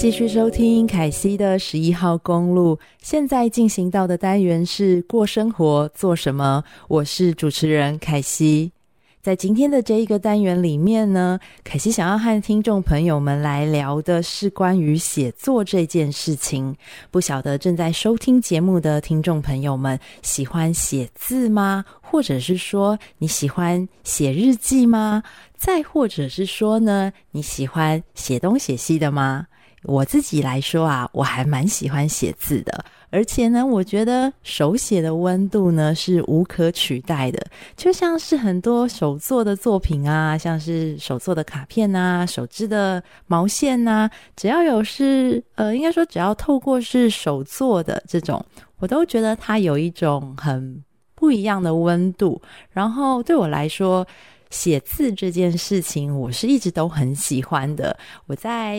繼續收聽凱西的十一號公路，現在進行到的單元是過生活做什麼？我是主持人凱西。在今天的這一個單元裡面呢，凱西想要和聽眾朋友們來聊的是關於寫作這件事情。不曉得正在收聽節目的聽眾朋友們喜歡寫字嗎？或者是說你喜歡寫日記嗎？再或者是說呢，你喜歡寫東寫西的嗎？我自己來說啊，我還蠻喜歡寫字的，而且呢，我覺得手寫的溫度呢是無可取代的。就像是很多手作的作品啊，像是手作的卡片啊、手織的毛線啊，只要有是呃，應該說只要透過是手作的這種，我都覺得它有一種很不一樣的溫度。然後對我來說。寫字這件事情，我是一直都很喜歡的。我在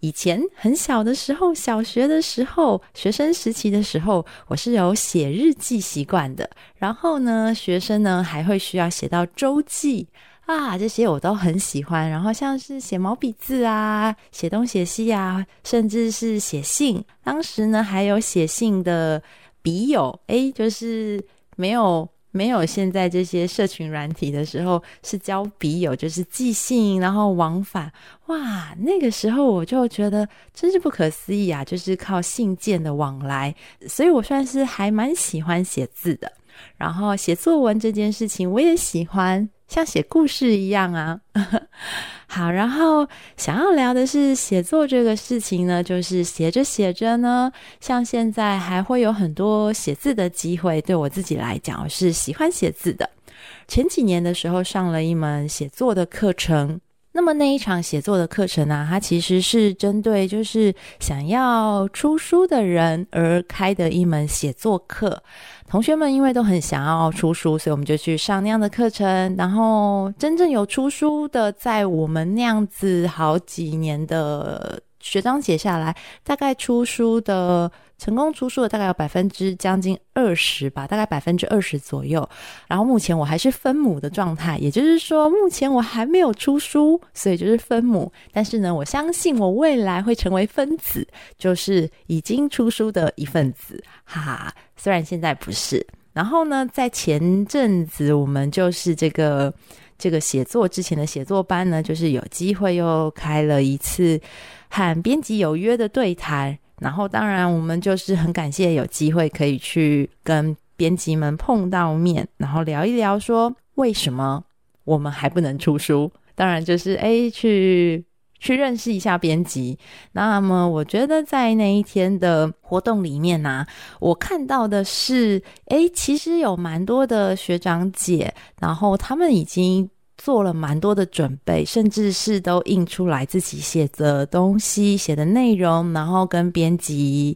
以前很小的時候，小學的時候，學生時期的時候，我是有寫日記習慣的。然後呢，學生呢還會需要寫到週記啊，這些我都很喜歡。然後像是寫毛筆字啊，寫東寫西啊，甚至是寫信。當時呢還有寫信的筆友，誒，就是沒有。沒有現在這些社群軟體的時候，是交筆友，就是寄信，然後往返。哇，那個時候我就覺得真是不可思議啊！就是靠信件的往來，所以我算是還蠻喜歡寫字的。然後寫作文這件事情我也喜歡，像寫故事一樣啊。 好，然後想要聊的是寫作這個事情呢，就是寫着寫着呢，像現在還會有很多寫字的機會。對我自己來講，我是喜歡寫字的。前幾年的時候上了一門寫作的課程。那麼那一場寫作的課程呢、啊，它其實是針對就是想要出書的人而開的一門寫作課。同學們因為都很想要出書，所以我們就去上那樣的課程。然後真正有出書的，在我們那樣子好幾年的學章寫下來，大概出書的成功出書的大概有百分之將近二十吧，大概百分之二十左右。然後目前我還是分母的狀態，也就是說目前我還沒有出書，所以就是分母。但是呢，我相信我未來會成為分子，就是已經出書的一份子，哈哈。雖然現在不是。然後呢，在前陣子我們就是這個。這個寫作之前的寫作班呢，就是有機會又開了一次和編輯有約的對談。然後，當然我們就是很感謝有機會可以去跟編輯們碰到面，然後聊一聊說為什麼我們還不能出書。當然，就是哎去。去認識一下編輯。那麼，我覺得在那一天的活動裡面呢、啊，我看到的是，誒，其實有蠻多的學長姐，然後他們已經做了蠻多的準備，甚至是都印出來自己寫的東西、寫的內容，然後跟編輯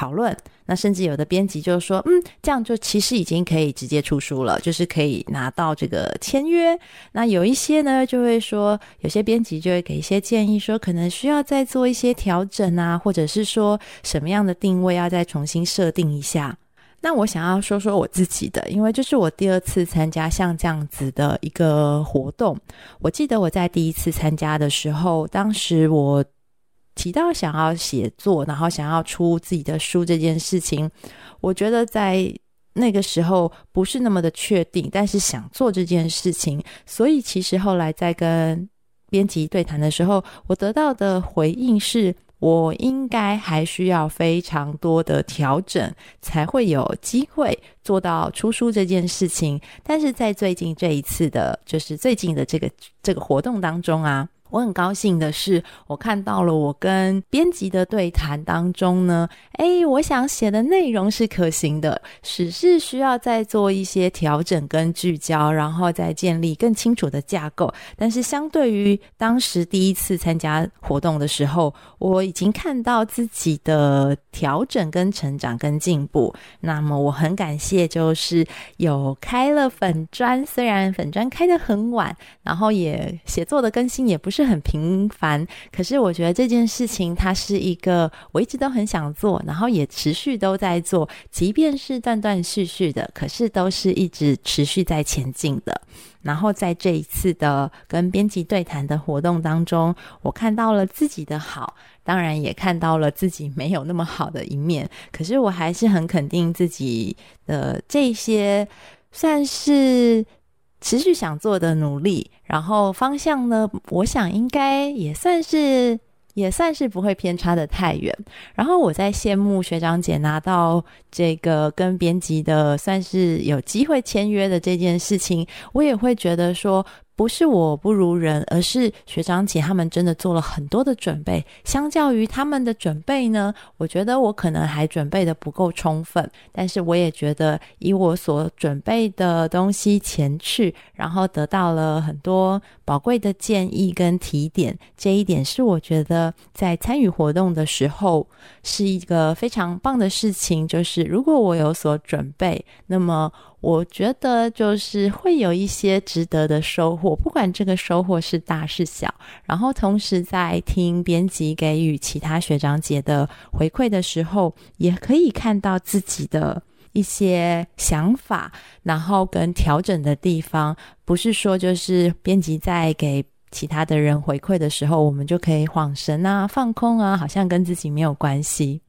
討論，那甚至有的編輯就說，嗯，這樣就其實已經可以直接出書了，就是可以拿到這個簽約。那有一些呢，就會說，有些編輯就會給一些建議說，說可能需要再做一些調整啊，或者是說什麼樣的定位要再重新設定一下。那我想要說說我自己的，因為這是我第二次參加像這樣子的一個活動。我記得我在第一次參加的時候，當時我。提到想要寫作，然後想要出自己的書這件事情，我覺得在那個時候不是那麼的確定，但是想做這件事情。所以其實後來在跟編輯對談的時候，我得到的回應是我應該還需要非常多的調整，才會有機會做到出書這件事情。但是在最近這一次的，就是最近的這個，這個活動當中啊。我很高興的是，我看到了我跟編輯的對談當中呢，誒，我想寫的內容是可行的，只是需要再做一些調整跟聚焦，然後再建立更清楚的架構。但是相對於當時第一次參加活動的時候，我已經看到自己的調整、跟成長、跟進步。那麼我很感謝，就是有開了粉專，雖然粉專開得很晚，然後也寫作的更新也不是。是很平凡，可是我覺得這件事情它是一個我一直都很想做，然後也持續都在做，即便是斷斷續續的，可是都是一直持續在前進的。然後在這一次的跟編輯對談的活動當中，我看到了自己的好，當然也看到了自己沒有那麼好的一面。可是我還是很肯定自己的這些，算是。持續想做的努力，然後方向呢？我想應該也算是，也算是不會偏差的太遠。然後我在羨慕學長姐拿到這個跟編輯的算是有機會簽約的這件事情，我也會覺得說。不是我不如人，而是學長姐他們真的做了很多的準備。相較於他們的準備呢，我覺得我可能還準備得不夠充分。但是我也覺得，以我所準備的東西前去，然後得到了很多寶貴的建議跟提點，這一點是我覺得在參與活動的時候是一個非常棒的事情。就是如果我有所準備，那麼。我覺得就是會有一些值得的收穫，不管這個收穫是大是小。然後同時在聽編輯給予其他學長姐的回饋的時候，也可以看到自己的一些想法，然後跟調整的地方。不是說就是編輯在給其他的人回饋的時候，我們就可以恍神啊、放空啊，好像跟自己沒有關係。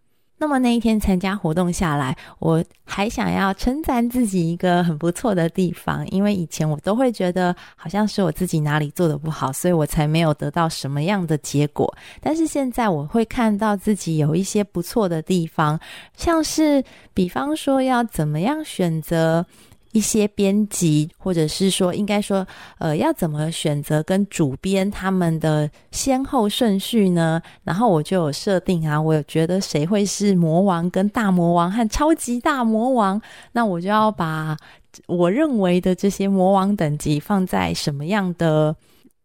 那麼那一天參加活動下來，我還想要稱讚自己一個很不錯的地方，因為以前我都會覺得好像是我自己哪裡做得不好，所以我才沒有得到什麼樣的結果。但是現在我會看到自己有一些不錯的地方，像是比方說要怎麼樣選擇。一些編輯，或者是說，應該說，呃，要怎麼選擇跟主編他們的先後順序呢？然後我就有設定啊，我有覺得誰會是魔王跟大魔王和超級大魔王，那我就要把我認為的這些魔王等級放在什麼樣的？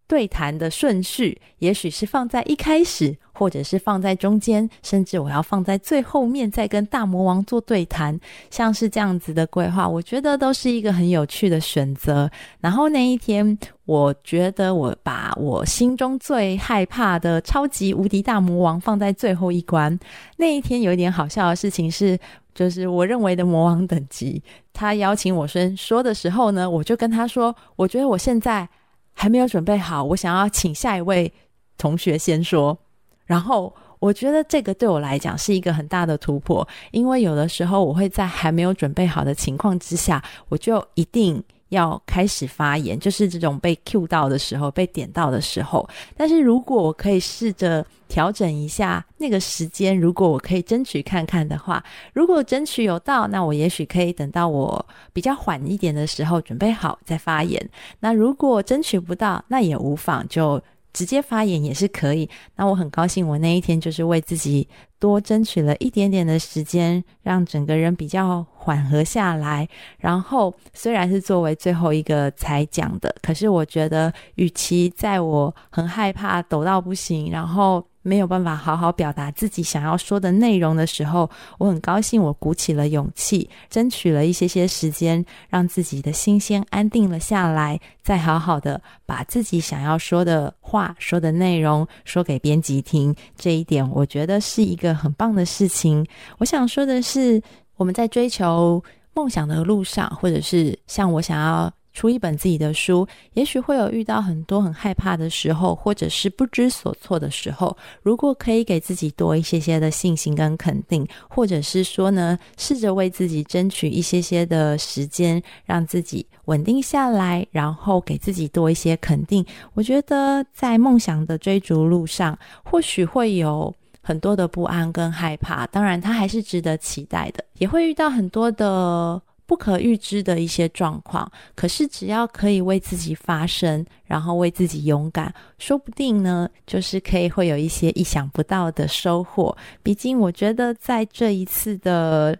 對談的順序，也許是放在一開始，或者是放在中間，甚至我要放在最後面再跟大魔王做對談，像是這樣子的規劃，我覺得都是一個很有趣的選擇。然後那一天，我覺得我把我心中最害怕的超級無敵大魔王放在最後一關。那一天有一點好笑的事情是，就是我認為的魔王等級，他邀請我先說，說的時候呢，我就跟他說，我覺得我現在還沒有準備好，我想要請下一位同學先說。然後，我覺得這個對我來講是一個很大的突破，因為有的時候我會在還沒有準備好的情況之下，我就一定。要開始發言，就是這種被 cue 到的時候，被點到的時候。但是如果我可以試着調整一下那個時間，如果我可以爭取看看的話，如果爭取有到，那我也許可以等到我比較緩一點的時候準備好再發言。那如果爭取不到，那也無妨，就。直接發言也是可以。那我很高興，我那一天就是為自己多爭取了一點點的時間，讓整個人比較緩和下來。然後雖然是作為最後一個才講的，可是我覺得，與其在我很害怕、抖到不行，然後。沒有辦法好好表達自己想要說的內容的時候，我很高興，我鼓起了勇氣，爭取了一些些時間，讓自己的心先安定了下來，再好好的把自己想要說的話、說的內容說給編輯聽。這一點，我覺得是一個很棒的事情。我想說的是，我們在追求夢想的路上，或者是像我想要。出一本自己的書，也許會有遇到很多很害怕的時候，或者是不知所措的時候。如果可以給自己多一些些的信心跟肯定，或者是說呢，試着為自己爭取一些些的時間，讓自己穩定下來，然後給自己多一些肯定。我覺得在夢想的追逐路上，或許會有很多的不安跟害怕，當然它還是值得期待的，也會遇到很多的。不可預知的一些狀況，可是只要可以為自己發聲，然後為自己勇敢，說不定呢，就是可以會有一些意想不到的收穫。畢竟我覺得在這一次的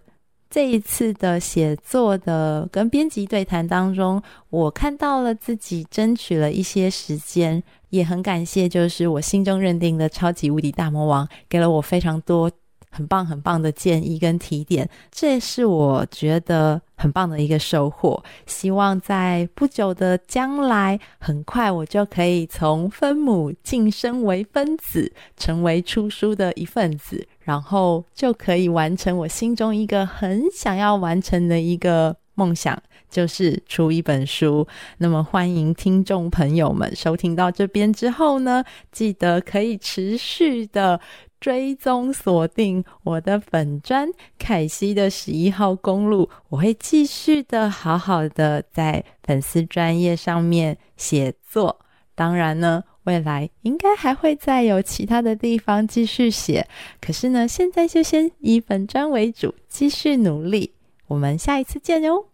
這一次的寫作的跟編輯對談當中，我看到了自己爭取了一些時間，也很感謝，就是我心中認定的超級無敵大魔王，給了我非常多。很棒很棒的建議跟提點，這也是我覺得很棒的一個收穫。希望在不久的將來，很快我就可以從分母晉升為分子，成為出書的一份子，然後就可以完成我心中一個很想要完成的一個夢想，就是出一本書。那麼，歡迎聽眾朋友們收聽到這邊之後呢，記得可以持續的。追蹤鎖定我的粉專凱西的十一號公路，我會繼續的好好的在粉絲專頁上面寫作。當然呢，未來應該還會再有其他的地方繼續寫。可是呢，現在就先以粉專為主，繼續努力。我們下一次見哦。